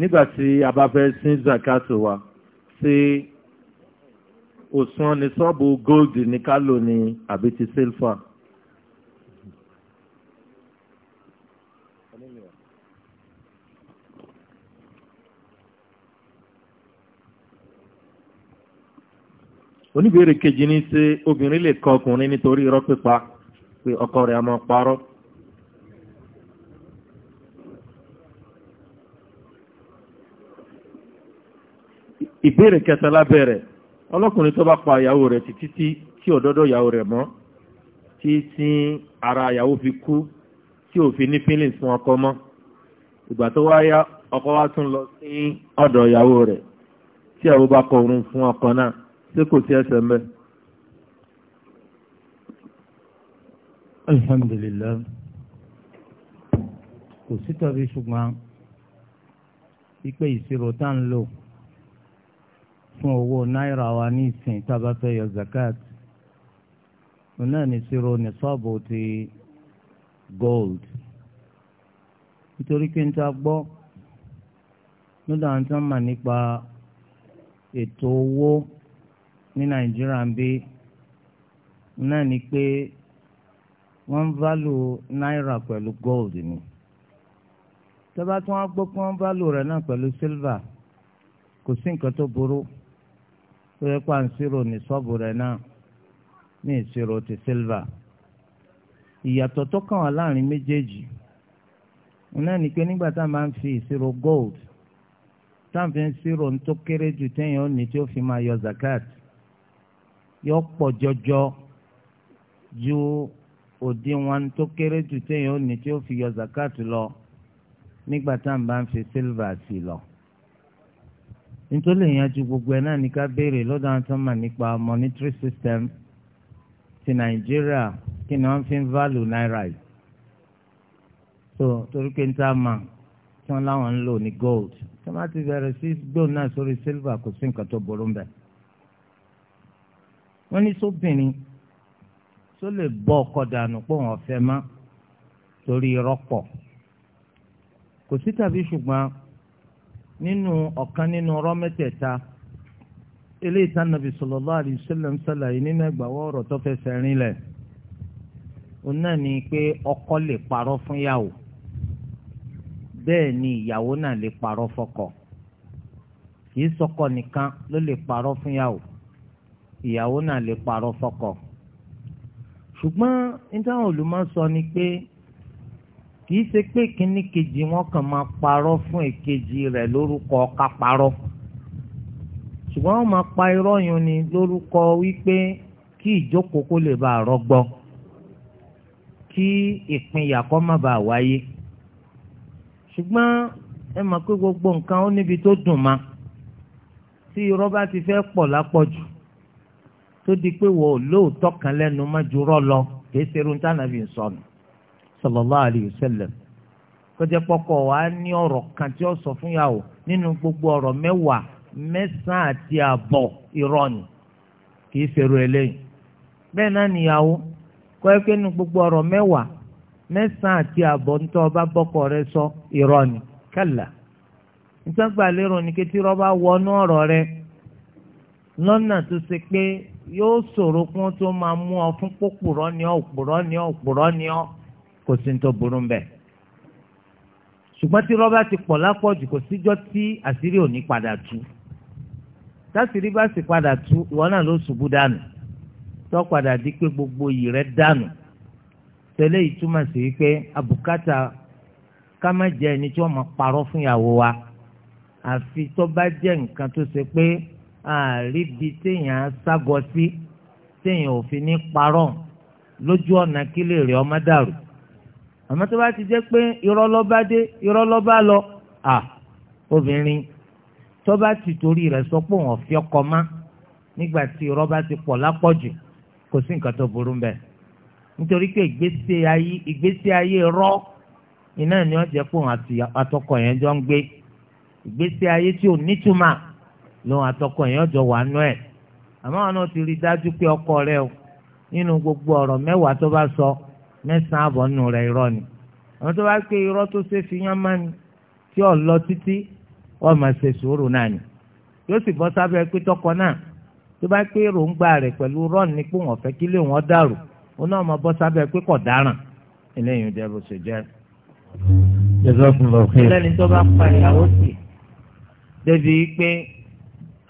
nígbàtí a bá fẹ́ sin zakato wa ṣé òsùn ní sọ́ọ̀bù gold ní ká lò ní àbí ti silfa. oníbèrè kejì ní ṣé obìnrin lè kọ ọkùnrin nítorí irọ́ pípa pé ọkọ rẹ̀ á máa parọ́. ìbéèrè kẹta lábẹ́rẹ̀ ọlọ́kùnrin tó bá pa ìyàwó rẹ̀ títí tí tí ọ̀dọ́dọ̀ ìyàwó rẹ̀ mọ́ tí tí ara ìyàwó fi kú tí ò fi ní feelings fún ọkọ mọ́ ìgbà tó wáyá ọkọ wá tún lọ sí ọ̀dọ̀ ìyàwó rẹ̀ tí ìyàwó bá kọ orun fún ọkọ náà ṣé kò sí ẹsẹ̀ mẹ́. alhamdulilayi kò sí tàbí ṣùgbọ́n pípé ìṣirò tá ń lò fún owó náírà wa ní ìsìn tá a bá fẹ́ yọ zakat òun náà ní sírò ní sọ́ọ̀bù ti gold nítorí pé n ta gbọ́ lọ́dọ̀ àwọn tó mà nípa ètò owó ní nàìjíríà ń bí náà ni pé wọ́n ń válù náírà pẹ̀lú gold ni tọ́ba tí wọ́n gbọ́ pé wọ́n ń válù rẹ̀ náà pẹ̀lú silver kò sí nǹkan tó burú ó yẹ kó à ń ṣírò ní sọ́ọ̀bù rẹ̀ náà ní ìṣirò ti silver ìyàtọ̀ tó kàn wá láàrin méjèèjì náà ni pé nígbà tá a máa ń fi ìṣirò gold tá a fi ń ṣírò tó kéré jù téèyàn ó ní tí ó fi máa yọ zakat yọ pọ̀ jọjọ ju òdiwọ̀n tó kéré jù téèyàn ó ní tí ó fi yọ zakat lọ nígbà tá a máa ń fi silver sí lọ nítorí èèyàn ju gbogbo ẹ̀ náà ní ká béèrè lọ́dọ̀ àwọn tó mà nípa monetary system ti nàìjíríà kí ni wọ́n fi ń value náírà yìí so torí pé níta mà tí wọ́n láwọn ń lò ní gold tí wọ́n bá ti bẹ̀rẹ̀ sí gbóòn náà sórí silver kò sí nǹkan tó burú mbẹ̀ wọ́n ní sóbìnrin tó lè bọ́ ọkọ dànù pé wọ́n fẹ́ má torí rọ́pọ̀ kò sí tàbí ṣùgbọ́n nínú ọ̀kan nínú ọ̀rọ̀ mẹ́tẹ̀ẹ̀ta eléyìí tá nàbì sallallahu alaihi wasallam ṣàlàyé nínú ẹgbàwọ́ ọ̀rọ̀ tó fẹ́ fẹ́rin lẹ̀ òun náà ni pé ọkọ lè parọ́ fún yàwó bẹ́ẹ̀ ni ìyàwó náà lè parọ́ fọ́kọ kìí sọkọ nìkan ló lè parọ́ fún yàwó ìyàwó náà lè parọ́ fọ́kọ ṣùgbọ́n nítawọn olùmọ̀ sọ ni pé kìí ṣe pé kínní kejì wọn kàn máa parọ́ fún èkejì rẹ̀ lórúkọ ká parọ́ ṣùgbọ́n wọ́n máa pa irọ́ yun ni lórúkọ wípé kí ìjókòó kó lè bá rọgbọ kí ìpínyà kó má bàa wáyé ṣùgbọ́n ẹ mọ̀ pé gbogbo nǹkan ó níbi tó dùn ma tí irọ́ bá ti fẹ́ pọ̀ lápọ̀jù tó di pé wọ́n ò lóòótọ́ kan lẹ́nu mọ́jú rọ́ lọ kì ṣe irun tánàbì ń sọnù. sallallahu alayhi wa ọkọ kọjá pọkọ wa ní ọrọ kan tí ó sọ fún nínú gbogbo ọrọ mẹwa mẹsan án àti àbọ̀ kì í ṣerú eléyìí bẹ́ẹ̀ náà nìyàwó kọ́ pé nínú gbogbo ọrọ mẹ́wàá mẹ́sàn-án àti àbọ̀ rẹ sọ ni ìtàgbà lérò ní kété wọnú ọrọ rẹ lọnà tó ṣe pé yóò ṣòro kún tó máa mú ọ fún ni ọ ọ kò sí ní tó burú mbẹ ṣùgbọ́n tí rọ́bà ti pọ̀ lápọ̀jù kò síjọ́ tí àṣírí ò ní padà tú táṣírí bá sì padà tú ìwọ náà ló ṣubú dànù tó padà di pé gbogbo iyì rẹ dànù tẹ́lẹ̀ yìí túmọ̀ sí wípé àbùkátà ká má jẹ́ ẹni tí wọ́n máa parọ́ fún ìyàwó wa àfi tó bá jẹ́ nǹkan tó ṣe pé àríbi téèyàn ságọ sí téèyàn ò fi ní parọ́ lójú ọ̀nà kílè rẹ̀ ọmọ dàrú àmọ́ tó bá ti jẹ́ pé irọ́ ló bá dé irọ́ ló bá lọ à obìnrin tó bá ti torí rẹ̀ sọ pé òun ọ̀fẹ́ ọkọ má nígbà tí irọ́ bá ti pọ̀ lápọ̀jù kò sí nǹkan tó burú ń bẹ̀ nítorí pé ìgbésí ayé ìgbésí ayé rọ́ iná ni wọ́n jẹ́ pé òun àti atọ́kọ yẹn jọ ń gbé ìgbésí ayé tí ò nítumà lòun àtọkọ yẹn jọ wà nú ẹ̀ àmọ́ àwọn náà ti rí i dájú pé ọkọ rẹ o nínú gbogbo ọ̀rọ̀ mẹ́wàá tó bá sọ mẹ́sàn-án àbọ̀ nù rẹ̀ irọ́ ni àwọn tó bá ké irọ́ tó ṣe fi yán má ni tí ò lọ títí wọ́n máa ṣe sùúrù náà ni yóò sì bọ́ sábẹ́ pé tọkọ náà tó bá ké èròǹgbà rẹ̀ pẹ̀lú rọ́ọ̀nù ni pé wọ́n fẹ́ kí lè wọ́n dàrú òun náà máa bọ́ sábẹ́ pé kò dáràn eléyìí jẹ́ bó ṣe jẹ́. ẹlẹ́ni tó bá pa ìyàwó sí débi pé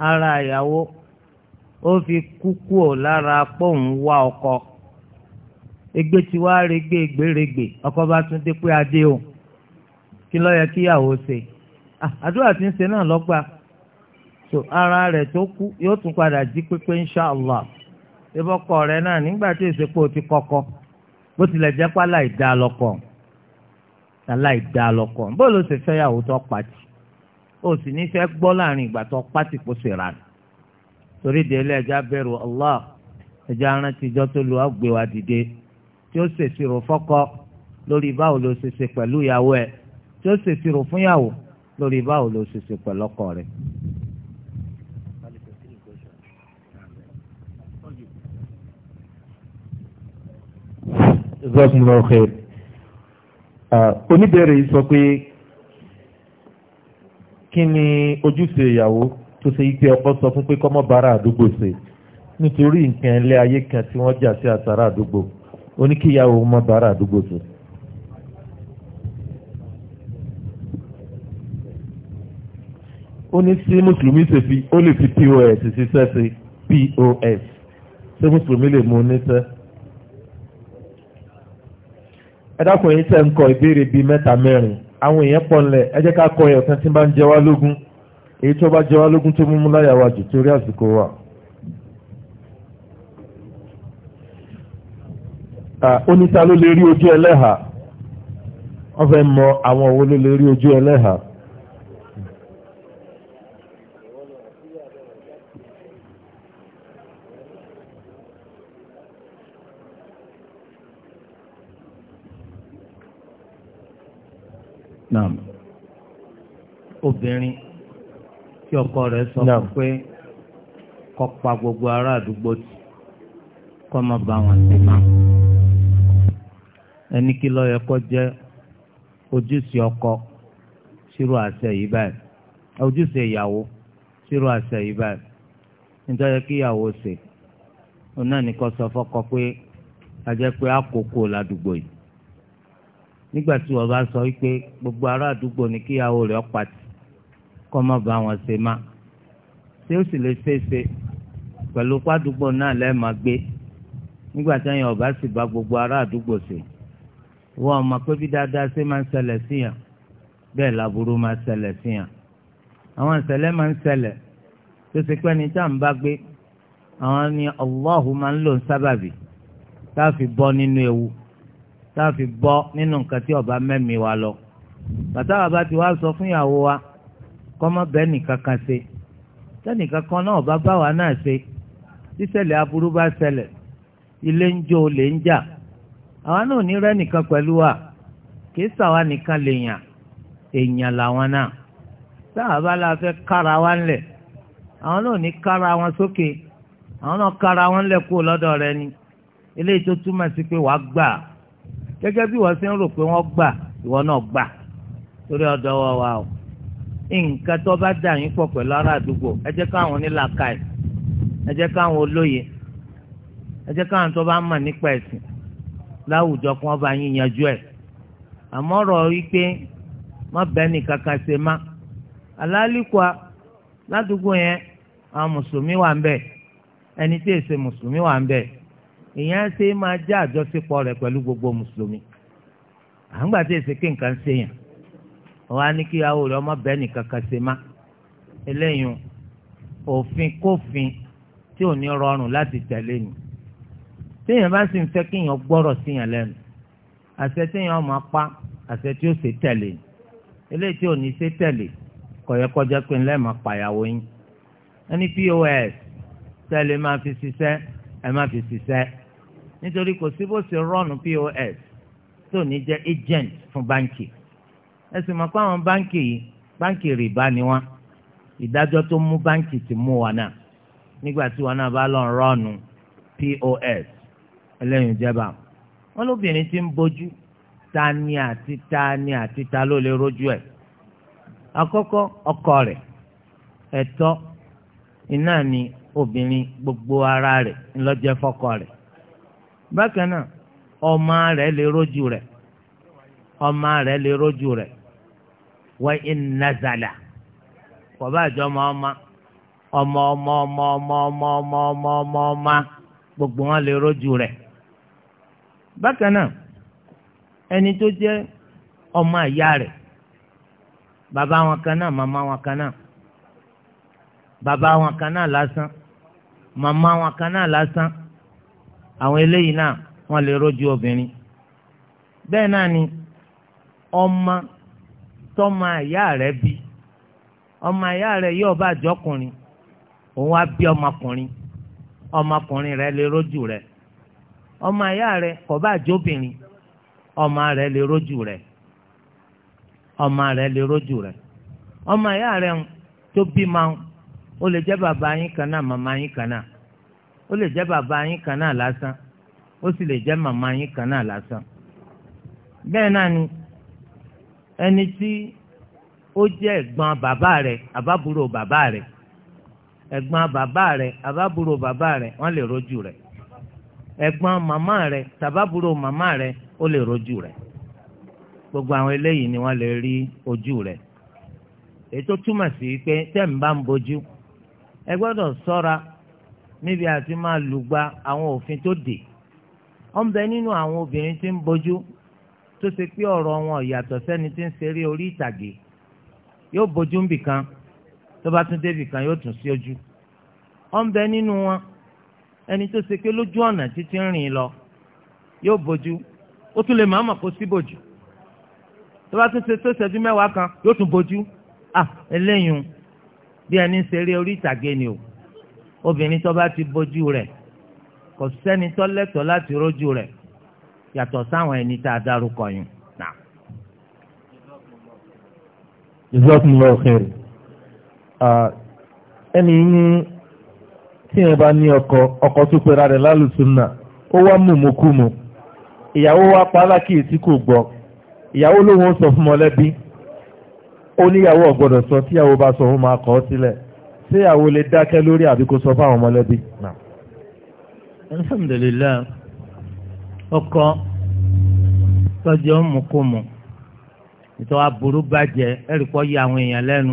ara ìyàwó ó fi kúkú ò lára pọ̀ ń wá ọkọ. egbe ti wá regbe gbèrègbè ọkọ bá tún dé pé adé o kí ló yẹ kíyàwó ṣe ah, àdúrà tí ń ṣe náà lọ́gbà so ara rẹ̀ tó kú yóò tún padà jí pépé insha allah ìbọkọ rẹ̀ náà nígbà tí ìsèpò ti kọ́kọ́ bó tilẹ̀ jẹ́ pé aláìdá lọ́kọ aláìdá lọ́kọ bó ló ṣe fẹ́yàwó tó pàtì ó sì ní fẹ́ gbọ́ láàrin ìgbà tó pàtì kó sì rà torí délé ẹja bẹ̀rù allah ẹja rántí ijọ́ tó lu àgbéwá dìde. tí ó ṣèṣirò fọ́kọ lórí báwo ló ṣe ṣe pẹ̀lú ìyàwó ẹ̀ tí ó ṣèṣirò fún ìyàwó lórí báwo ló ṣe ṣe pẹ̀lú ọkọ rẹ̀. jazakumullahu khair oníbẹ̀rẹ̀ yìí sọ pé kí ni ojúṣe ìyàwó tó ṣe ike ọkọ sọ fún pé kọ́mọ́ àdúgbò ṣe nítorí nǹkan ilé ayé kan tí wọ́n jà sí àsárá àdúgbò oníkíyàwó mọ́ bàárà àdúgbò tó. ó ní sí mùsùlùmí ṣe fi ó lè fi pos ṣiṣẹ́ sí pos ṣé mùsùlùmí lè mú oníṣẹ́. ẹ dákun yìí tẹ̀ ń kọ ìbéèrè bíi mẹ́ta mẹ́rin àwọn èèyàn pọ̀ ńlẹ̀ ẹ jẹ́ ká kọ ẹ̀yọ̀ kan tí bá ń jẹ wá lógún èyí tó bá jẹ wá lógún tó mú mú láyàwó àjò torí àsìkò wa. oníta ló lè rí ojú ẹlẹ́hà wọ́n fẹ́ mọ àwọn wo ló lè rí ojú ẹlẹ́hà. Naam. Obìnrin tí ọkọ rẹ̀ sọ fún pé kó pa gbogbo ará àdúgbò tí kó má bá wọn sí máa ẹni kí ló yẹ kó jẹ́ ojúṣe ọkọ sírò àṣẹ yìí báyìí ojúṣe ìyàwó sírò àṣẹ yìí báyìí nítorí kí ìyàwó ṣe òun náà ní kó sọ fọ́kọ pé ajẹ́ pé àkókò ládùúgbò yìí nígbà tí wọ́n bá sọ wípé gbogbo ará àdúgbò ní kíyàwó rẹ̀ pàtì kọ́ má bá wọn ṣe má ṣé ó sì lè ṣeéṣe pẹ̀lú pàdúgbò náà lẹ́ẹ̀ gbé nígbà tí wọ́n bá sì bá gbogbo ará àdúgbò ṣe wọ́n mọ̀ pé bí dáadáa ṣe máa ń ṣẹlẹ̀ sí yàn bẹ́ẹ̀ láburú máa ń ṣẹlẹ̀ sí yàn àwọn ìṣẹ̀lẹ̀ máa ń ṣẹlẹ̀ tó ṣe pé ní tá ń bá gbé àwọn ni Allahu máa ń lò ń sábàbí tá a fi bọ́ nínú ewu tá fi bọ́ nínú nǹkan tí ọba mẹ́mi wa lọ bàtà bàbá ti wá sọ fún ìyàwó wa kọ́mọ bẹ́ẹ̀ nìkan kan ṣe tẹ́nìkan kan náà bá bá náà ṣe tíṣẹ̀lẹ̀ aburú bá ṣẹlẹ̀ ilé ń jó olè ń jà àwọn náà ní rẹ́ nìkan pẹ̀lú wa kìí sàwa nìkan lè yàn èèyàn làwọn náà sáà la fẹ́ kára wa ńlẹ̀ àwọn náà ní kára wọn sókè àwọn náà kára wọn ńlẹ̀ kú lọ́dọ̀ rẹ ni eléyìí tó túmọ̀ sí pé wàá gbà gẹ́gẹ́ bí wọ́n ṣe ń rò pé wọ́n gbà ìwọ náà gbà torí ọ̀dọ̀ wọ wa o nǹkan tó bá dà yín pọ̀ pẹ̀lú ará àdúgbò ẹ jẹ́ káwọn onílàkàì ẹ jẹ́ káwọn olóye ẹ jẹ́ káwọn tó bá mọ̀ nípa ẹ̀sìn láwùjọ kí wọ́n bá yín yanjú ẹ̀ àmọ́ ọ̀rọ̀ wípé má bẹni kankan ṣe má ládùúgbò yẹn àwọn mùsùlùmí wà ń bẹ ẹni tí èsè mùsùlùmí wà ń bẹ ìyẹn ṣe máa jẹ́ àjọṣepọ̀ pẹ̀lú gbogbo mùsùlùmí àǹgbà tí èsè ṣe yàn eléyìí òfin kófin tí ò rọrùn láti tẹ̀lé ni téèyàn bá sì ń fẹ́ kéèyàn gbọ́rọ̀ síyàn lẹ́nu àṣẹ téèyàn máa pa àṣẹ tí ó ṣe tẹ̀lé eléyìí tí ò ní ṣe tẹ̀lé kọ̀yẹ́ kọjá pé ńlẹ́ máa pàyàwó yín ẹni pos tẹ̀lé máa fi ṣiṣẹ́ ẹ máa fi ṣiṣẹ́ nítorí kò sí bó ṣe rọ́ọ̀nù pos tó ní jẹ́ agent fún báńkì ẹ sì mọ̀ pé àwọn báńkì yìí báńkì rìbá ni wọ́n ìdájọ́ tó mú báńkì ti mú wa náà nígbà tí wọn náà bá lọ rọ́ọ̀nù pos ẹlẹ́yìn jẹba, wọn ti ń bójú ta ni àti ta ni àti ta ló lè rojú ẹ̀ ọkọ rẹ ẹtọ iná ni obìnrin gbogbo ara rẹ ńlọ́jẹ́ fọ́kọ rẹ̀ bákan náà ọmọ rẹ lè rojú ọmọ rẹ lè rojú ọmọ ọmọ ọmọ ọmọ ọmọ bákan náà ẹni tó jẹ́ ọmọ àyá rẹ̀ bàbá wọn kan náà màmá wọn kan náà bàbá wọn kan náà lásán màmá wọn kan náà lásán àwọn eléyìí náà wọ́n lè rójú obìnrin bẹ́ẹ̀ náà ni ọmọ tọ́mọ àyá rẹ̀ bí ọmọ àyá rẹ̀ yóò bá àjọkùnrin òun á bí ọmọkùnrin ọmọkùnrin rẹ̀ lè rójú rẹ̀ ọmọ àyà rẹ kò bá jóbìnrin ọmọ rẹ lè rójú rẹ ọmọ rẹ lè rójú rẹ ọmọ àyà rẹ tó bí ma ó lè jẹ́ bàbá yín kan náà màmá yín kan náà ó lè jẹ́ bàbá yín kan náà lásán ó sì lè jẹ́ màmá yín kan náà lásán bẹ́ẹ̀ náà ni ẹni tí ó jẹ́ ẹ̀gbọ́n bàbá rẹ̀ àbábúrò bàbá rẹ̀ ẹ̀gbọ́n bàbá rẹ̀ àbábúrò bàbá rẹ̀ wọ́n lè rójú rẹ̀ ẹ̀gbọ́n màmá rẹ tàbábúrò màmá rẹ ó lè rojú rẹ. gbogbo àwọn eléyìí ni wọn lè rí ojú rẹ ètò túmọ̀ sí pé tẹ́ ń bá ń bojú ẹ gbọ́dọ̀ sọ́ra níbi àti máa lùgba àwọn òfin tó dè ó ń bẹ nínú àwọn obìnrin tí ń bojú tó ṣe pé ọ̀rọ̀ wọn yàtọ̀ sẹ́ni tí ń ṣeré orí ìtàgé yóò bojú ń tó bá tún débìkan yóò tún sí ojú ó bẹ nínú wọn. ẹni tó ṣe pé lójú ọ̀nà títí ń rìn lọ yóò bójú ó tún lè máàmà kó sí bòjú tó bá tún ṣe tó ṣẹ́jú mẹ́wàá kan yóò tún bójú à eléyìí bí ẹni ṣe eré orí ìtàgé ni o obìnrin tó bá ti bójú rẹ̀ kò sẹ́ni tó lẹ́tọ̀ọ́ láti rójú rẹ̀ yàtọ̀ sáwọn ẹni tá a dárúkọ yìí. Jazakumullahu khair. Ẹni ní tí yẹn bá ní ọkọ ọkọ tó pera rẹ̀ lálùsùnà ó wá mú mú kú mu ìyàwó wa pa alákìyèsí kò gbọ́ ìyàwó lóhun sọ fún mọ̀lẹ́bí ó níyàwó ọ̀gbọ́dọ̀ sọ tíyàwó bá sọ fún máa kọ̀ ọ́ sílẹ̀ tíyàwó lè dákẹ́ lórí àbí kó sọ fáwọn mọ̀lẹ́bí. alhamdulilayi ọkọ tọ́jú ọmọ kò mọ̀ ìtọ́ aburú bàjẹ́ ẹ̀rí kọ́ yí àwọn èèyàn lẹ́nu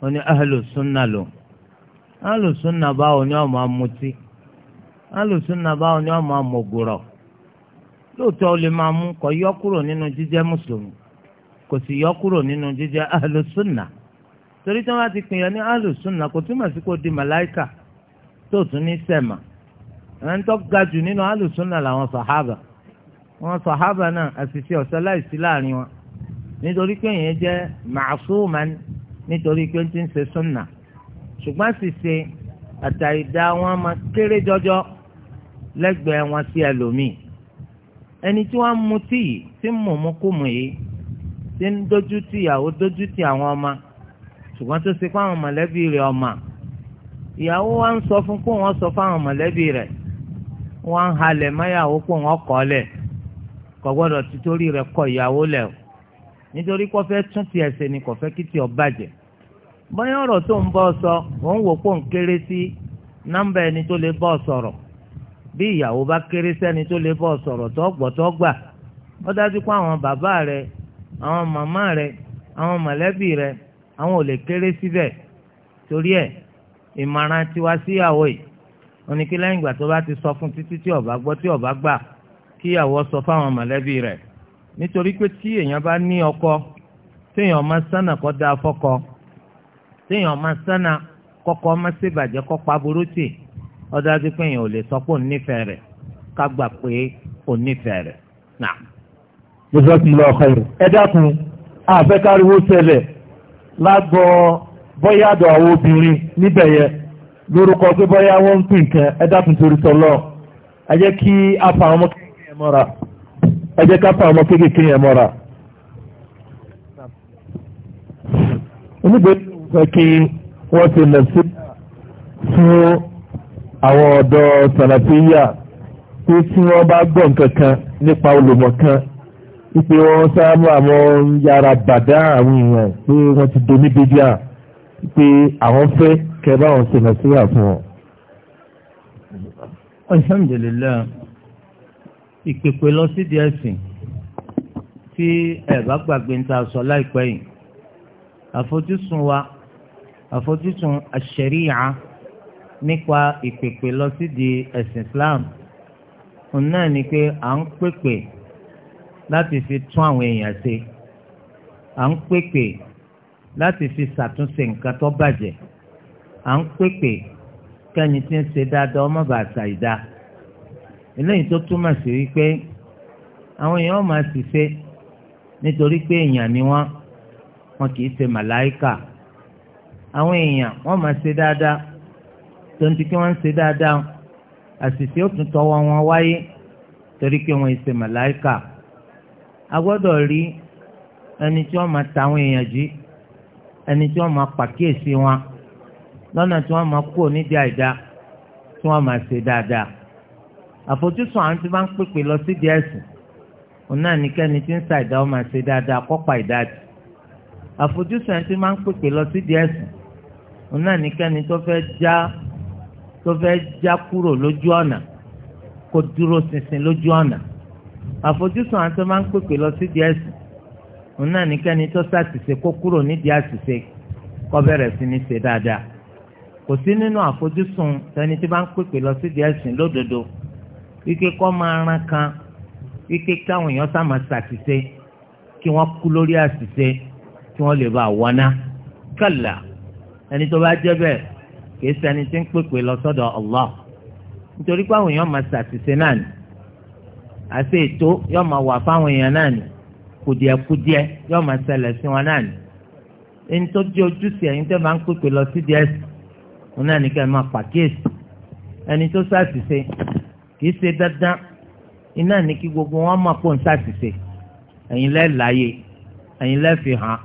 wọn ni ahlu alùsùnà báwo ni ọmọ amutí alùsùnà báwo ni ọmọ amògùrọ lóòótọ́ ó lè máa mú kọ yọ kúrò nínú jíjẹ́ mùsùlùmí kò sì yọ kúrò nínú jíjẹ́ alùsùnà torí tí wọ́n bá ti pìyàn ní alùsùnà kò túmọ̀ sí kó di màláìkà tó tún ní sẹ̀mà ẹni tó ga jù nínú alùsùnà làwọn sàhábà wọn sàhábà náà àṣìṣe ọ̀sẹ̀ láìsí láàrin wọn nítorí pé èèyàn jẹ́ màásùmá nítorí pé ń ti ń ṣe sùnà. ṣùgbọ́n ṣìṣe àtàìdá wọn máa kéré jọjọ lẹ́gbẹ̀ẹ́ wọn sí ẹlòmíì ẹni tí wọ́n mu tí yìí tí ń mú mú kú mu yìí tí ń tì ìyàwó dójú tì àwọn ọmọ ṣùgbọ́n tó ṣe fáwọn mọ̀lẹ́bí ọmọ ìyàwó wa ń sọ fún kó wọ́n sọ mọ̀lẹ́bí rẹ̀ wọ́n ń halẹ̀ mọ́yàwó kó wọ́n kọ́ lẹ̀ gbọ́dọ̀ rẹ̀ ìyàwó lẹ̀ nítorí fẹ́ bóyá ọ̀rọ̀ tó ń bọ́ sọ òun wò pò ń kéré sí nọ́mbà ẹni tó lè bọ́ sọ̀rọ̀ bí ìyàwó bá kéré sẹ́ni tó lè bọ́ sọ̀rọ̀ tó ó dájú pé àwọn bàbá rẹ àwọn màmá rẹ àwọn mọ̀lẹ́bí rẹ àwọn ò lè kéré síbẹ̀ torí ẹ̀ tiwa síyàwó yìí oníkí lẹ́yìn ìgbà tó bá ti sọ fún títí tí gbọ́ tí sọ fáwọn mọ̀lẹ́bí rẹ nítorí pé tí èèyàn bá ọkọ téèyàn máa sánà kọ́ téèyàn máa sánà kọ́kọ́ máa ṣèbàjẹ́ kọ́ pa burúkú ọdájú pé èèyàn ò lè sọ pé òun nífẹ̀ẹ́ rẹ̀ ká gbà pé òun nífẹ̀ẹ́ rẹ̀ ti lọ yìí ẹ dákun àwọn obìnrin níbẹ̀ lórúkọ pé ń pín ẹ dákun torí ẹ kí a ọmọ ẹ fẹ́ kí wọ́n ti lọ sí fún àwọn ọ̀dọ́ sàlàfíyà pé tí wọ́n bá gbọ́ nǹkan kan nípa olùmọ̀ kan wípé wọ́n sáábà àwọn yàrá bàdá àwọn èèyàn pé wọ́n ti do níbi díà pé àwọn fẹ́ kẹ báwọn ṣe lọ síra fún wọn. alhamdulilayi ìpèpè lọ sí díẹ̀ sìn tí ẹ bá gbàgbé ń ta sọ láìpẹ́ yìí àfojúsùn wa àfojúsùn àṣẹríyà nípa ìpèpè lọ sídìí ẹ̀sìn Islam òun náà ni pé à ń pèpè láti fi tún àwọn èèyàn ṣe à ń pèpè láti fi ṣàtúnṣe nǹkan tó bàjẹ́ à ń pèpè kẹ́ni tí ń ṣe dáadáa ọmọ bàa ṣàìdá eléyìí tó túmọ̀ sí wípé àwọn èèyàn máa ṣiṣẹ́ nítorí pé èèyàn ni wọ́n wọn kì í ṣe màláìkà àwọn èèyàn wọ́n máa ṣe dáadáa tó ń ti kí wọ́n ń ṣe dáadáa àṣìṣe ó tún tọwọ́ wọn wáyé torí pé wọ́n ṣe màláìkà a gbọ́dọ̀ rí ẹni tí wọ́n máa ta àwọn èèyàn jí ẹni tí wọ́n máa pàkíyèsí wọn lọ́nà tí wọ́n máa kú nídìí àìdá tí wọ́n máa ṣe dáadáa àfojúsùn àwọn tí wọ́n bá ń pèpè lọ sí díẹ̀ sùn òun náà nìkẹ́ni tí ń ṣàìdá wọ́n máa ṣe dáadáa kọ́pà ìdájì àfojúsùn ẹni tí wọ́n máa ń pèpè lọ sí díẹ̀ sùn òun náà nìkẹ́ni tó fẹ́ já tó fẹ́ já kúrò lójú ọ̀nà kó dúró ṣinṣin lójú ọ̀nà àfojúsùn àti máa ń pèpè lọ sí díẹ̀ sí òun náà nìkẹ́ni tó ṣàṣìṣe kó kúrò nídìí àṣìṣe kó bẹ̀rẹ̀ sí ní ṣe dáadáa kò sí nínú àfojúsùn tẹni tí bá ń pèpè lọ sí díẹ̀ sí lódodo wíkẹ kọ́ máa ran kan wíkẹ káwọn èèyàn sá máa ṣàṣìṣe kí wọ́n kú lórí àṣìṣe kí wọ́n lè bá wọná kàlà ẹni tó bá jẹ́ bẹ́ẹ̀ kìí ṣẹni tí ń pèpè lọ sọ́dọ̀ Allah nítorí pé àwọn èèyàn máa ṣàṣìṣe náà ni àṣe ètò yóò máa wà fáwọn èèyàn náà ni kùdìẹ̀kùdìẹ̀ yóò máa ṣẹlẹ̀ sí wọn náà ni ẹni tó jẹ́ ojúṣe ẹ̀yin tẹ́ máa ń pèpè lọ sí díẹ̀ wọn náà ní kẹ́ ẹ máa pàkíyèsí ẹni tó ṣàṣìṣe kìí ṣe dandan iná ní kí gbogbo wọn máa pọ̀ ń ṣàṣìṣe ẹ̀yin lẹ́ẹ̀ láàyè ẹ̀yin lẹ́ẹ̀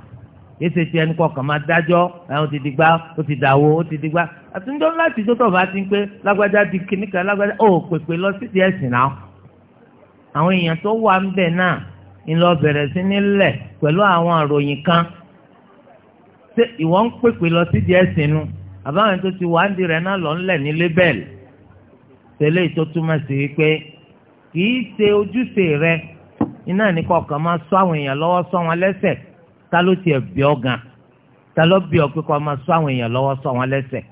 yìí ṣe ti ẹni kọkàn máa dájọ́ ẹ̀hún ti di gbá ó ti dàwó ó ti di gbá àtúndọ́ láti tó tọ̀ bá ti ń pé lágbájá di kìnnìkan lágbájá ó pèpè lọ sí ti ẹ̀sìn náà àwọn èèyàn tó wà ń bẹ̀ náà ń lọ bẹ̀rẹ̀ sí nílẹ̀ pẹ̀lú àwọn àròyìn kan ṣé ìwọ ń pèpè lọ sí ti ẹ̀sìn nu àbáwọn tó ti wà ń di rẹ̀ náà lọ ńlẹ̀ ní lébẹ̀lì tẹ́lẹ̀ tó túmọ̀ sí wípé kì í ṣe ojúṣe rẹ ta ló tiẹ̀ bí ọ gan ta ló bí ọ pé kó máa ṣọ́ àwọn èèyàn lọ́wọ́ ṣọ́ wọn lẹ́sẹ̀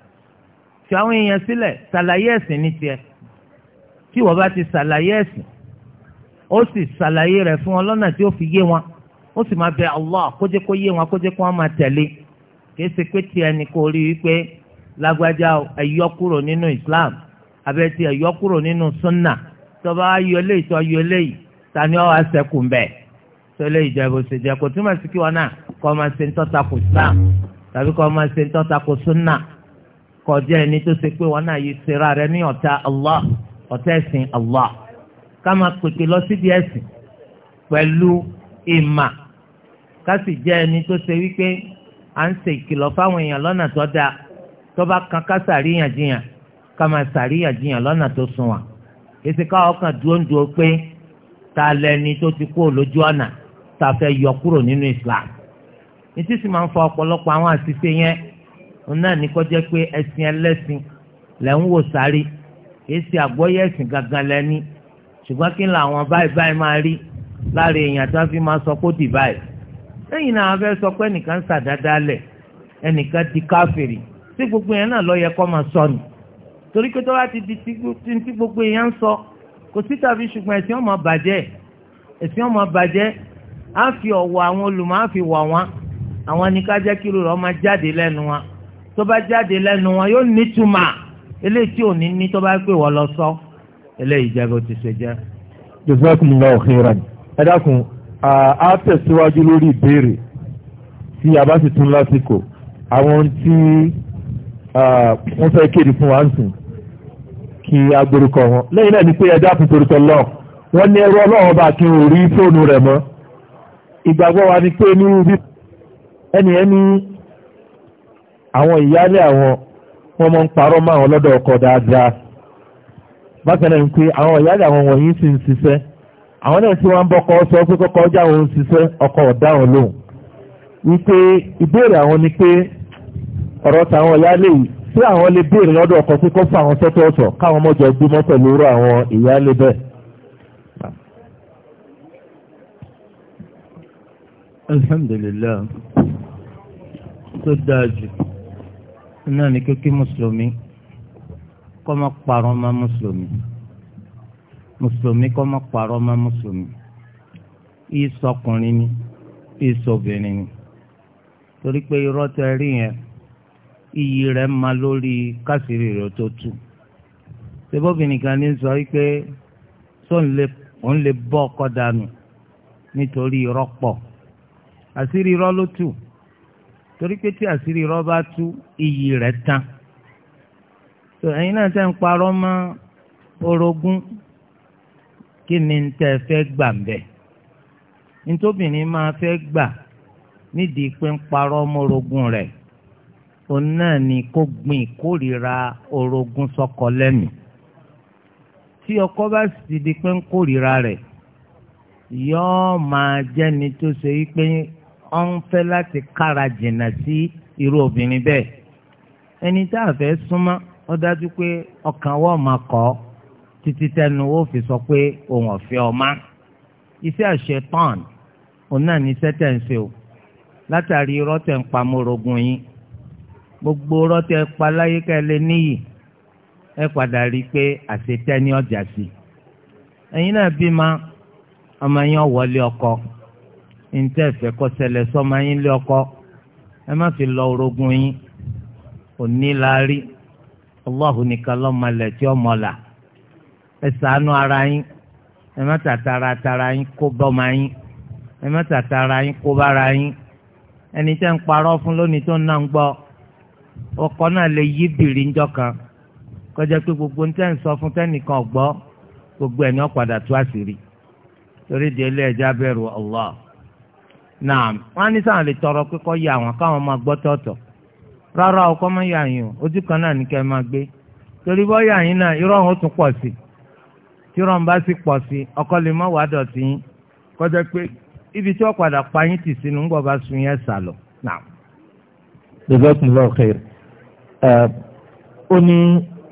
fi àwọn èèyàn sílẹ̀ ṣàlàyé ẹ̀sìn ní tiẹ̀ tí wọ́n bá ti ṣàlàyé ẹ̀sìn ó sì ṣàlàyé rẹ̀ fún wọn lọ́nà tí ó fi yé wọn ó sì máa bẹ Allah kó kó yé wọn kó wọn máa tẹ̀lé nínú Islam nínú sunna ta ni sọlẹ ìjẹbù ṣèjẹ kò túmọ̀ sí kí wọn náà kọ́ máa ṣe ń tọ́ta kò Islam tàbí kọ́ máa ṣe ń tọ́ta kò súnà kọjá ẹni tó ṣe pé wọn náà yìí ṣera rẹ ní ọ̀tá Allah ọ̀tá ẹ̀sìn Allah ká máa pèpè lọ síbi ẹ̀sìn pẹ̀lú ìmà ká sì jẹ́ ẹni tó ṣe wípé à ń ṣe ìkìlọ̀ fáwọn èèyàn lọ́nà tó dáa tó bá kan ká sàríyànjiyàn ká máa sàríyànjiyàn lọ́nà tó sunwọ̀n èsì káwọn kan dúró ń dúró pé ta lẹni tó ti kú lójú ọ̀nà tá a fẹ́ yọ kúrò nínú islam ètí sì máa ń fa ọ̀pọ̀lọpọ̀ àwọn àṣìṣe yẹn òun náà ní kó jẹ́ pé ẹ̀sìn ẹlẹ́sìn lẹ̀ ń wò sáré kìí ṣe àgbọ́yé ẹ̀sìn gangan lẹ́ni ṣùgbọ́n kí ni àwọn báyìí báyìí máa rí lára èèyàn tó fi máa sọ kó dì báyìí lẹ́yìn náà a fẹ́ sọ pé ẹnìkan ṣàdáadáa lẹ̀ ẹnìkan di káfìrì tí gbogbo yẹn náà lọ yẹ kó máa sọ nù torí pé tó bá ti di tí gbogbo yẹn ń sọ kò sí tàbí ṣùgbọ́n ẹ̀sìn ọmọ bàjẹ́ ẹ̀sìn ọmọ bàjẹ́ á fi ọ̀wọ̀ àwọn olùmọ̀ á fi wà wọ́n àwọn ni ká jẹ́ kí irú rẹ̀ ọmọ jáde lẹ́nu wọn tó bá jáde lẹ́nu wọn yóò nítumà eléyìí tí ò ní ní tó bá pè wọ́n lọ sọ eléyìí jẹ́ ti ṣe jẹ́. jazakumullahu khairan ẹ dákun a tẹ̀síwájú lórí ìbéèrè tí a bá sì tún lásìkò àwọn ohun tí wọ́n fẹ́ kéde fún wa ń sìn kí agbórúkọ wọn lẹ́yìn náà ni pé ẹ dákun torítọ́ lọ wọ́n ní ẹrú ọlọ́run bá kí n ò rí fóònù rẹ̀ mọ́. ìgbàgbọ́ wa ni pé ní ibi ẹni ẹni àwọn ìyáálé àwọn wọn mọ ń parọ́ mọ́ àwọn lọ́dọ̀ ọkọ dáadáa bákan náà ń pé àwọn ìyáálé àwọn wọ̀nyí sì ń ṣiṣẹ́ àwọn náà tí wọ́n bọ́kọ sọ pé kọ́kọ́ ọjà ń ṣiṣẹ́ ọkọ ọ̀dá àwọn wípé ìbéèrè àwọn ni pé ọ̀rọ̀ tàwọn ìyáálé yìí tí àwọn lè béèrè ọkọ pé fún àwọn sọ́tọ̀ọ̀tọ̀ káwọn gbé àwọn bẹ́ẹ̀ alhamdulillah tó dáa jù náà ni kékeré mùsùlùmí kọ́ máa parọ́ má mùsùlùmí mùsùlùmí kọ́ máa parọ́ má mùsùlùmí ìsọkùnrin ni ìsọbìnrin ni torí pé irọ́ tẹ rí yẹn iyì rẹ̀ ma lórí kásìrì rẹ̀ tó tú sebóbìnrin kan ní sọ wípé sóun lè bọ́ ọkọ dànù nítorí irọ́ pọ̀ àṣírí irọ́ ló tù torí pé tí àṣírí irọ́ bá tú iyì rẹ̀ tán tó ẹ̀yin náà tẹ́ ń parọ́ mọ́ orogún kí ni ń tẹ́ fẹ́ gbà ń bẹ̀ nítòbìnrin máa fẹ́ gbà nídìí pé ń parọ́ mọ́ orogún rẹ̀ òun náà ni kó gbìn kórìíra orogún sọ́kọ lẹ́mìí tí ọkọ bá sì di pé ń kórìíra rẹ̀ yọ́ọ́ máa jẹ́ni tó ṣe wípé ọ ń fẹ́ láti kára jìnnà sí irú obìnrin bẹ́ẹ̀ ẹni tá a fẹ́ súnmọ́ ó dájú pé ọkàn wọ́n máa kọ́ títí tẹnu ó fi sọ pé òun ọ̀fẹ́ ọmá iṣẹ́ àṣẹ tán òun náà ní iṣẹ́ tẹ̀ ń ṣe o látàrí irọ́ ń pa mórogún yín gbogbo irọ́ pa láyé ká níyì ẹ padà rí i pé àṣetẹ́ ní ọjà sí ẹ̀yin náà bí ọmọ yẹn wọlé ọkọ ntẹ́ ẹ̀fẹ́ kọ́sẹ̀lẹ̀ sọ́mọ yín lé ọkọ ẹ má fi lọ orogun yín òní la rí Allahu nìkan lọ́mọlẹ̀ tí ọmọ ara yín ẹ má tàtàrà tara yín kó bọ́mọ yín ẹ má yín kó bára yín ẹni tẹ́ ń parọ́ fún lónìí tó ń ń gbọ́ ọkọ náà lè yí bìrì kan kọjá pé gbogbo ń fún tẹ́nìkan gbọ́ gbogbo ẹ̀ ní ọ̀padà tó àṣírí torí di náà wọ́n á ní sáà lè tọrọ pé kọ́ yẹ àwọn káwọn máa gbọ́ tọ̀tọ̀ rárá o kọ́ máa ojú kan náà ní kẹ́ máa gbé torí bọ́ náà irọ́ tún pọ̀ sí tí ọkọ lè má wàá dọ̀tí yín kọjá ibi tí wọ́n padà pa yín tì ń bá sun yẹn sàlọ̀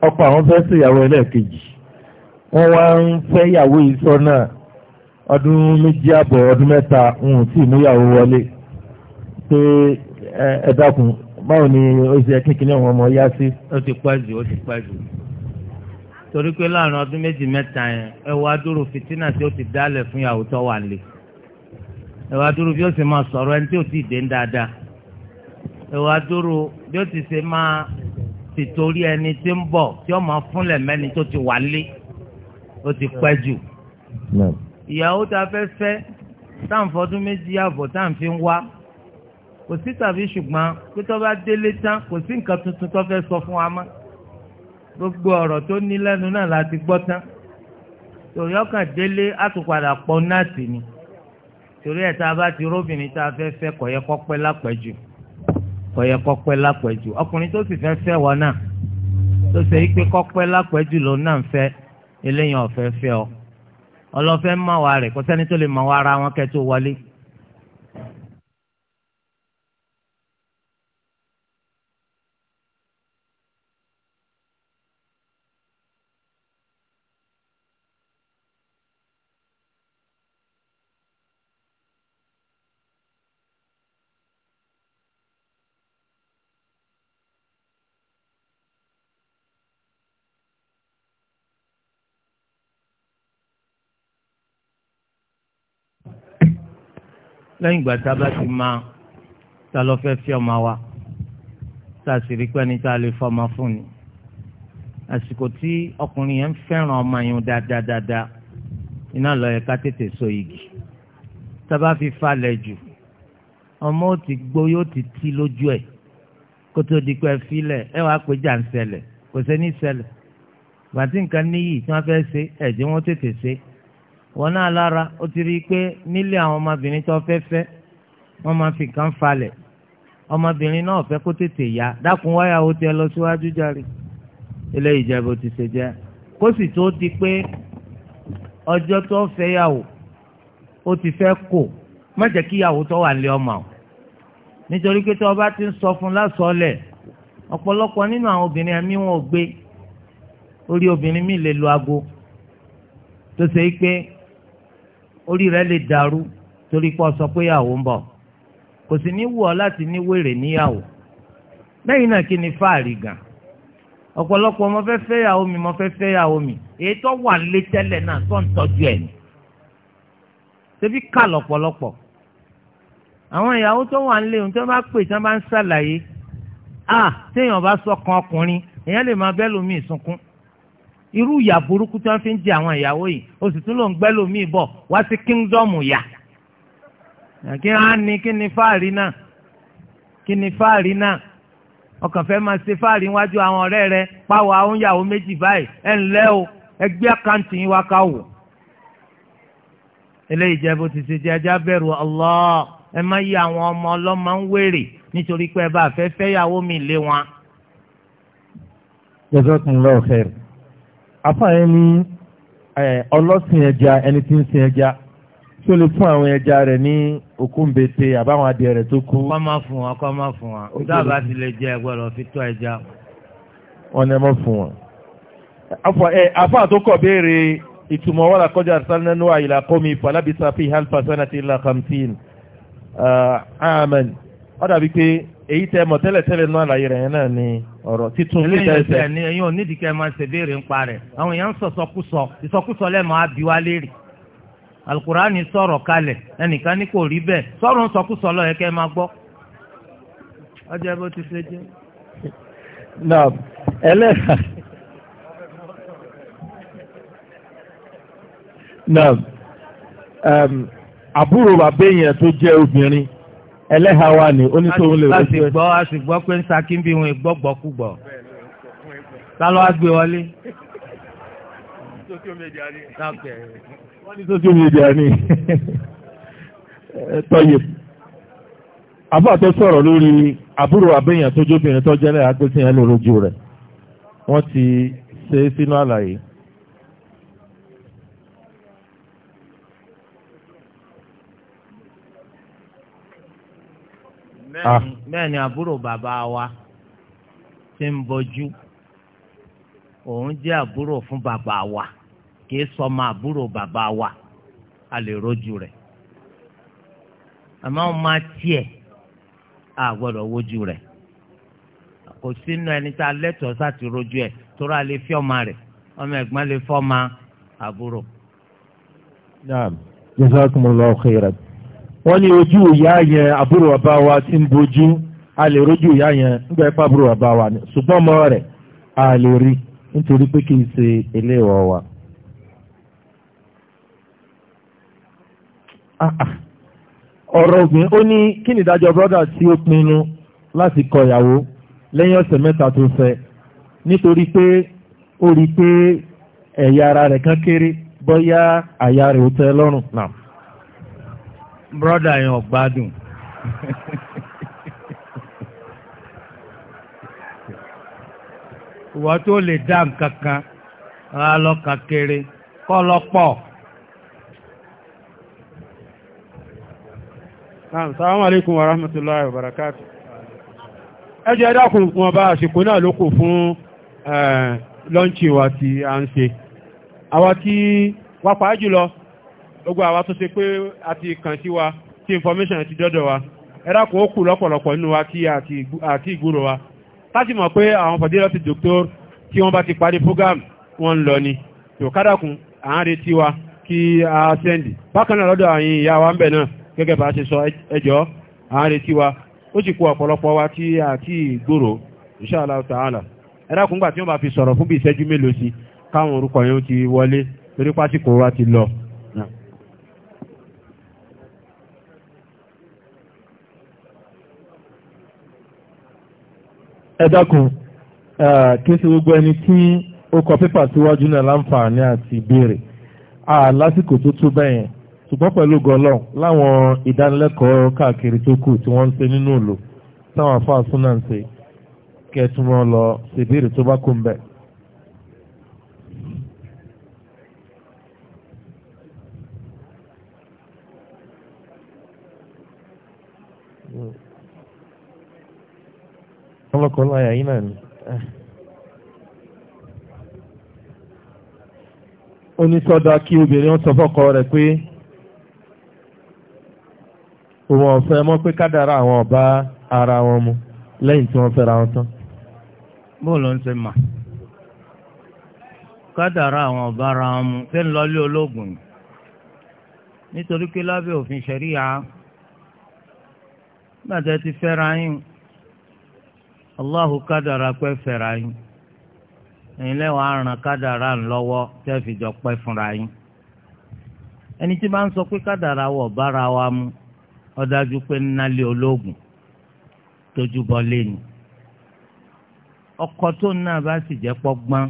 ọkọ àwọn fẹ́ ẹlẹ́ẹ̀kejì wọ́n wá ń fẹ́ yàwó ìsọ náà ọdún méjì àbọ̀ ọdún mẹ́ta ń tí ìmúyàwó wọlé pé ẹ dákun báwo ni ó ṣe kékeré àwọn ọmọ yá sí. ó ti pẹ́ jù ó ti pẹ́ jù torí pé láàrin ọdún méjì mẹ́ta yẹn ẹ wá dúró fìtínà tí ó ti dálẹ̀ fún ìyàwó tó wà lé ẹ dúró bí ó sì máa sọ̀rọ̀ ẹni tí ò tí ì dé ń dáadáa ẹ dúró bí ó ti ṣe máa ti ẹni tí ń bọ̀ tí ó máa fúnlẹ̀ mẹ́ni tó ti wà lé ó ti pẹ́ jù ìyàwó tá a fẹ́ fẹ́ táǹfọdún méjì àbọ̀ táǹfin wá kò sí tàbí ṣùgbọ́n pé tó bá délé tán kò sí nǹkan tuntun tó fẹ́ sọ fún wa mọ́ gbogbo ọ̀rọ̀ tó ní lẹ́nu náà la ti gbọ́ tán torí ọkàn délé àtúpadà pọ̀ náà tì ní torí ẹ̀ tá a bá ti róbìnrin tá a fẹ́ fẹ́ kò yẹ kó pẹ́ lápẹ́jù kò yẹ kó pẹ́ lápẹ́jù ọkùnrin tó sì fẹ́ fẹ́ wọn náà tó ṣe é pé kó pẹ́ lápẹ́jù lòun náà ń fẹ́ eléyìí ọ̀fẹ́ fẹ́ ọ ọlọ́fẹ́ mọ̀ wá rẹ̀ kò sẹ́ni tó lè mọ̀ wá ara wọn kẹ́ wọlé. lẹ́yìn ìgbà tá a bá ti máa ta lọ fẹ́ fi ọmọ wa tá a sì rí pé ẹni tá a lè fọmọ fún ni àsìkò tí ọkùnrin yẹn ń fẹ́ràn ọmọ yẹn dáadáa dáadáa iná lọ yẹ ká tètè so igi tá a bá fi falẹ̀ jù ọmọ ó ti gbó yóò ti tí lójú ẹ̀ kótó di pé filẹ̀ ẹ wàá pé jà ń ṣẹlẹ̀ kò sẹ́ni ṣẹlẹ̀ bàtí nǹkan níyì tí wọ́n fẹ́ ṣe ẹ̀jẹ̀ wọn tètè ṣe. wọn náà lára ó ti rí i pé nílé àwọn ọmọbìnrin tó fẹ́ fẹ́ wọ́n máa fi kàn falẹ̀ ọmọbìnrin náà fẹ́ kó tètè yá dákun wáyà ó tiẹ̀ lọ síwájú járe eléyìí jẹ́ bó ti ṣe jẹ́ kó sì tó di pé ọjọ́ tó fẹ́ yàwó ó ti fẹ́ kò má jẹ́ kí yàwó tó wà lé ọmọ o nítorí pé tí wọ́n bá ti ń sọ fún lásọ̀ọ́lẹ̀ ọ̀pọ̀lọpọ̀ nínú àwọn obìnrin àmì wọn ò gbé orí obìnrin mi lè lo aago tó ṣe é pé orí rẹ lè dàrú torí pé ọ sọ pé ìyàwó ń bọ̀ kò sì ní wù ọ láti ní wèrè níyàwó lẹ́yìn náà kí ni fáàrí gan ọ̀pọ̀lọpọ̀ mo fẹ́ fẹ́ ìyàwó mi mo fẹ́ fẹ́ ìyàwó mi èyí tó wà lé tẹ́lẹ̀ náà tó ń tọ́jú ẹ̀ ní ṣebí kà lọ́pọ̀lọpọ̀ àwọn ìyàwó tó wà nílé ohun tó bá pè tí wọ́n bá ń ṣàlàyé à ah, téèyàn bá sọkàn ọkùnrin èèyàn lè máa bẹ́ẹ̀ lómi ìsunkún. irú ìyà burúkú tí wọ́n fi ń jẹ àwọn ìyàwó o sì tún lò ń bọ̀ wá sí kíngdọ́ọ̀mù yà kí á ní ni fáàrí náà kí ni fáàrí náà ọkàn ma máa ṣe fáàrí wájú àwọn rẹ àwọn ìyàwó méjì báyìí o ẹgbẹ́ àkáǹtì yín wá ká wò eléyìí jẹ́ bó ti ṣe jẹ́ ajá ẹ má yí àwọn ọmọ ọlọmọ ń wèrè nítorí pé ẹ bá mi lé wọn. afáyẹn ní ọlọ́sìn ẹja ẹni tí ń sin ẹja tí ó lè fún àwọn ẹja rẹ̀ ní òkúńbete àbáwọn adìẹ rẹ̀ tó kú. kọ́ máa fún wọn kọ́ máa fún wọn dábàá ti lè jẹ ẹgbọ́dọ̀ fi tọ́ ẹja. wọn ni ẹ mọ̀ fún wọn. afa tó kọ̀ béèrè ìtumọ̀ wọ́n lakọ́jà sanánú àyìnlá kọ́mi ìfọ̀lábísà fi hàn fàṣánà ti ilà kàmtíìn àmín. dàbí pé èyí tẹ mọ̀ tẹ́lẹ̀tẹ́lẹ̀ náà àlàyé rẹ̀ náà ni ọ̀rọ̀ títún fi tẹ́ ẹsẹ̀. ẹlẹ́yìn ẹ̀yìn onídìí kẹ́ máa ṣe béèrè ńpa rẹ̀ àwọn èèyàn ń sọ sọkúsọ ìsọkúsọ lẹ́ẹ̀mọ́ àbí wá léèrè alukurani sọ̀rọ̀ kalẹ̀ ẹnìkan ní kò rí bẹ́ẹ̀ sọ̀rọ̀ ń sọkúsọ lọ yẹ kẹ́ máa gbọ́. ọjọ́ bó ti ṣe jẹ́. náà ẹlẹ́ka náà àbúrò bàbá èèyàn tó jẹ́ obìnrin ẹlẹ́ha wa ni ó ní tó ń lè wọ́n. a sì gbọ́ a sì gbọ́ pé ń sakin bí wọn gbọ́ gbọ́kúgbọ́ ta ló wá gbé wọlé. wọ́n ní social media ni tọ́yè àbá tó sọ̀rọ̀ lórí àbúrò abẹ́yàn tó jóbìnrin tó jẹ́lẹ̀ àgbẹ̀sìn ẹ̀ lórojú rẹ̀ wọ́n ti ṣe é sínú àlàyé. Ah. bẹ́ẹ̀ ni àbúrò bàbá wa ti ń bọjú òun jẹ́ àbúrò fún bàbá wa kìí sọmọ àbúrò bàbá wa a lè rojú rẹ̀ àmọ́ ọmọ tiẹ̀ a gbọ́dọ̀ wojú rẹ̀ kò sínú ẹni tá a lẹ́tọ̀ọ́ sáti rojú ẹ̀ torí a lè fi ọmọ rẹ̀ ọmọ ẹ̀gbọ́n lè fọ́ ọmọ àbúrò. naam jazakumullahu khairan. wọ́n ní ojú ìyá yẹn àbúrò ọba wa ti ń bojú a lè rójú ìyá yẹn nígbà ipá àbúrò ọba wa ni ṣùgbọ́n ọmọ rẹ̀ a lè rí nítorí pé kì í ṣe eléwọ̀ wa. Ah, ah. ọ̀rọ̀ ògbìn ó ní kí ni ìdájọ́ brọ́dà tí ó pinnu láti kọ ìyàwó lẹ́yìn ọ̀sẹ̀ mẹ́ta tó fẹ́ nítorí pé ó rí i pé ẹ̀yà ara rẹ̀ kan kéré bóyá àyà rẹ̀ ò tẹ́ lọ́rùn náà. brọ́dà yẹn ọ̀gbádùn. ìwọ tó lè dá nǹkan kan ara lọ́kàn kéré kọ́ lọ́pọ̀. Assalamu alaikum wa rahmatullahi wa barakatuh. Ẹ jẹ́ dákùn wọn bá àsìkò náà ló kù fún lọ́ǹchì wa tí a ń ṣe. Àwa tí wápàá jùlọ gbogbo àwa tó ṣe pé a ti sí wa tí information ti dọ́dọ̀ wa ẹ̀dàkùn ó kù lọ́pọ̀lọpọ̀ nínú wa àti ìgbúrò wa láti mọ̀ pé àwọn fọ̀dílọ́ ti doctor tí wọ́n bá ti parí program wọ́n ń lọ ni tó kádàkùn à ń retí wa kí a sẹ́ndì bákan náà lọ́dọ̀ àyìn ìyá wa ń bẹ̀ náà gẹ́gẹ́ bá ṣe sọ ẹjọ́ à ń retí wa ó sì kú ọ̀pọ̀lọpọ̀ wa tí àti ìgbúrò inshallah ta'ala ẹ̀dàkùn gbà tí wọ́n bá fi sọ̀rọ̀ fún bí ìṣẹ́jú mélòó sí káwọn orúkọ yẹn ti wọlé torí pásìkò wa ti lọ ẹ dákun kí sí gbogbo ẹni tí ó kọ pépà síwájú náà láǹfààní àti ìbéèrè lásìkò tó tó bẹ́yẹn ṣùgbọ́n pẹ̀lú gọlọ́n láwọn ìdánilẹ́kọ̀ọ́ káàkiri tó kù tí wọ́n ń ṣe nínú òlò táwọn afáàsúnà ń ṣe kẹ́ẹ̀tún wọn lọ ṣèbéèrè tó bá kún bẹ́ẹ̀. lọ́kọ láyà yín náà ni. ó ní sọ́dá kí obìnrin ó sọ fọ́kọ rẹ̀ pé òun ọ̀fẹ́ mọ́ pé kádàrá àwọn ọba ara wọn mu lẹ́yìn tí wọ́n fẹ́ra wọn tán. bó ló ń ṣe mà kádàrá àwọn ọba ara wọn mu ṣé ń lọlé ológun nítorí pé lábẹ́ òfin ṣẹ̀ríya gbàtẹ́ ti fẹ́ra yín Allahu kadara pẹ fẹ́ra yín ẹ̀yin lẹ́wọ̀n aràn kádàrà ńlọ́wọ́ tẹ́ fi jọ pẹ fúnra yín ẹni tí bá ń sọ pé kadara wọ bára wa mu ọdaju pe pé nnálé ológun tójú bọ́ ọkọ tó náà bá sì jẹ́ pọ́gbọ́n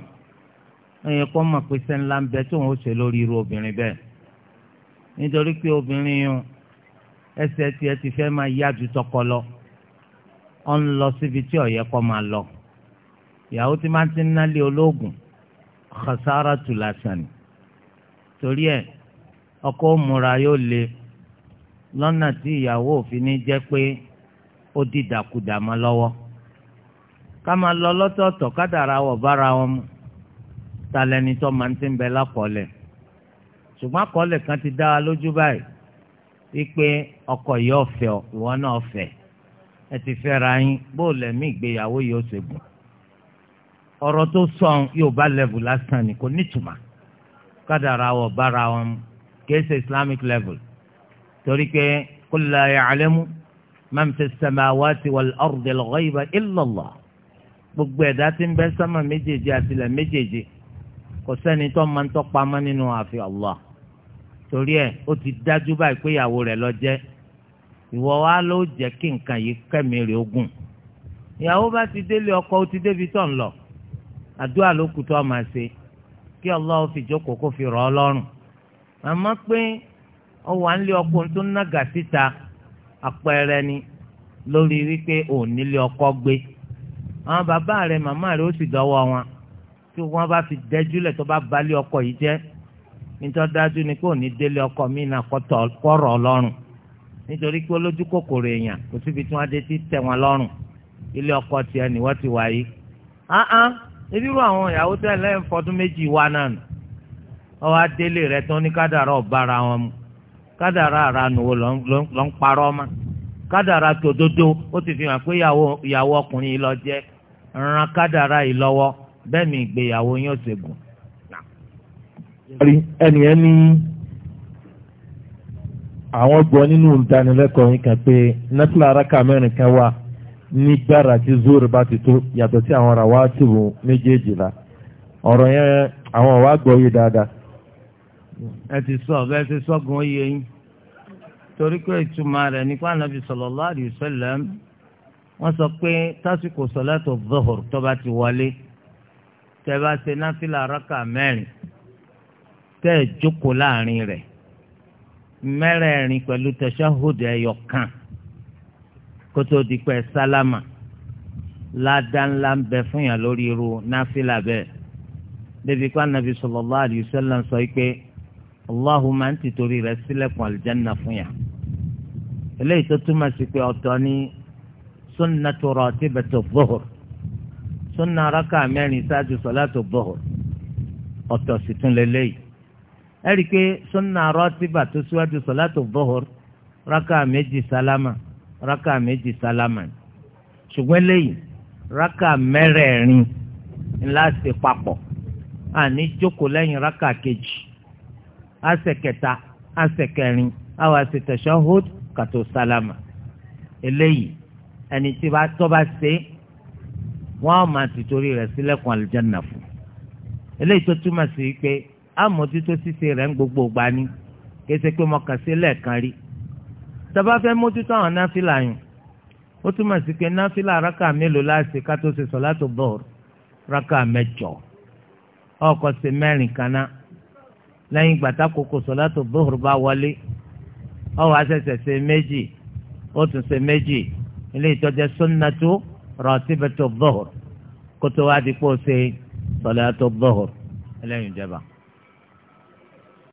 ẹ̀yin kọ́ mọ̀ pé sẹ́ńlá ń bẹ tóun ó ṣe lórí irú obìnrin nítorí pé obìnrin yìí ọ ń lọ síbi tí ọ̀yẹ́ kọ́ máa lọ ìyàwó tí máa ti ń nálé olóògùn khasara tù lásán ni torí ẹ ọkọ múra yóò le lọ́nà tí ìyàwó òfin ní jẹ́ pé ó di dàkudà mọ́ lọ́wọ́ ká máa lọ lọ́tọ̀ọ̀tọ̀ kádàrá wọ̀ bára wọn mu talẹ́ni tó máa ń ti ń bẹ lákọọ́lẹ̀ ṣùgbọ́n àkọọ́lẹ̀ kan ti dá wa lójú báyìí wípé ọkọ yìí ọ̀fẹ́ ìwọ náà ọ̀fẹ́ ẹ ti fẹ́ra yín bó lẹ́mí ìgbéyàwó yìí ó ṣe gùn ọ̀rọ̀ tó sọ yóò bá lẹ́bù lásán ni kò nítumà kádàrà wọ̀ bára wọn kìí ṣe islamic level torí pé kul la ya'lamu man fi samawati wal ardi al-ghayba illa Allah gbogbo ẹ̀dá tí ń bẹ sámà méjèèjì àtìlẹ̀ méjèèjì kò sẹ́ni tó máa ń tọ́pamọ́ nínú àfi Allah torí ẹ̀ ó ti dájú báyìí pé ìyàwó rẹ̀ lọ jẹ́ ìwọ wa ló jẹ́ kí nǹkan yìí kẹ́mi rè ogun ìyàwó bá ti délé ọkọ ó ti débi tọ̀ ń lọ àdúrà ló kù tó máa ṣe kí ọlọ́run fi jókòó kó fi rọ̀ ọ́ lọ́rùn àmọ́ pé ọwọ́ à ń lé ọkọ tó ń nàgà síta àpẹẹrẹ ni lórí wípé ò nílé ọkọ gbé àwọn bàbá rẹ màmá rẹ ó sì dọwọ́ wọn tí wọ́n bá fi dẹ́júlẹ̀ tó bá balẹ̀ ọkọ yìí jẹ́ nítorí dájú ni pé ò ní délé ọkọ mi náà kọ́ rọ̀ ọ́ lọ́rùn nítorí pé olójú kòkòrò èèyàn kò síbi tí wọ́n dé ti tẹ̀ wọ́n lọ́rùn ilé ọkọ tiẹ̀ ni wọ́n ti wà yìí áhán ebi irú àwọn ìyàwó tẹ̀ lẹ́yìn fọdún méjì wá náà nù ọwọ́ adélé rẹ̀ tán ní kádàrá ọ̀bára wọn mu kádàrá àrànùwò ló ń parọ́ ma kádàrá tòdodo ó ti fi hàn pé ìyàwó ọkùnrin yìí lọ jẹ́ ran kádàrá yìí lọ́wọ́ bẹ́ẹ̀ mi ìgbéyàwó yóò ṣe gùn. ẹni àwọn gbọ́ nínú ìdánilẹ́kọ̀ọ́ yín kan pé nẹ́fìlà araka mẹ́rin kan wà ní gbára tí zoro bá ti tó yàtọ̀ tí àwọn ará wa ti wò méjèèjìlá ọ̀rọ̀ yẹn àwọn ọ̀wá gbọ́ yé dáadáa. ẹ ti sọ bẹ́ẹ̀ ti sọ́gun ó yẹ yín torí pé ìtumọ̀ rẹ̀ nípa ànábì sallallahu alaihi wasallam wọ́n sọ pé tásìkò sọ̀látò zuhur tó bá ti wọlé tẹ́ bá ṣe náfìlà araka mẹ́rin tẹ́ ẹ̀ mẹ́rẹ̀ẹ̀rin pẹ̀lú tẹ̀síọ́hùdù ẹ̀yọ̀ kan kótó dípẹ́ sálámà ládàńlá ń bẹ fún yàn lórí irú náfìlà bẹ́ẹ̀ débi kó anabi sallallahu alayhi wa sallam sọ pé allahumma ń tìtorí rẹ̀ sílẹ̀kùn àlùjánnà fún yàn eléyìí tó túmọ̀ sí pé ọ̀tọ̀ ni sunnatu ratibatu dhuhr sunna raka mẹ́rin ṣáájú salatu dhuhr ọ̀tọ̀ sì tún lélẹ́yìí ẹ̀rí pé sunna rọ́tíbà tó síwájú sọ̀látò bọ́hùr rákà méjì sálámà rákà méjì sálámà ṣùgbọ́n raka rákà mẹ́rẹ̀ẹ̀rin ńlá ṣe papọ̀ àní jókòó lẹ́yìn rákà kejì àṣẹkẹta àṣẹkẹrin àwọn àṣetẹ̀ṣọ́ hood kàtó sálámà eléyìí ẹni tí bá tọ́ bá ṣe wọ́n á máa ti torí rẹ̀ sílẹ̀kùn àmójútó ṣíṣe rẹ̀ ń gbogbo gbà ní kése pé mo kàn sí lẹ́ẹ̀kan rí tọ́ba fẹ́ mójútó àwọn náfìlà yùn ó túmọ̀ sí pé náfìlà rákà mélòó láti ká tó ṣe sọ̀látù bọ́ọ̀rù rákà mẹ́jọ ọkọ̀ sí mẹ́rin kaná lẹ́yìn gbàtà kókó sọ̀látù bọ́ọ̀rù bá wọlé ọwọ́ àṣẹṣẹ ṣe méjì ó tún ṣe méjì ilé ìtọ́jẹ sunnatu ratibatu bọ́ọ̀rù kótó wá dípò ṣe sọ̀látù bọ́ọ̀rù ẹlẹ́yìn ìjọba.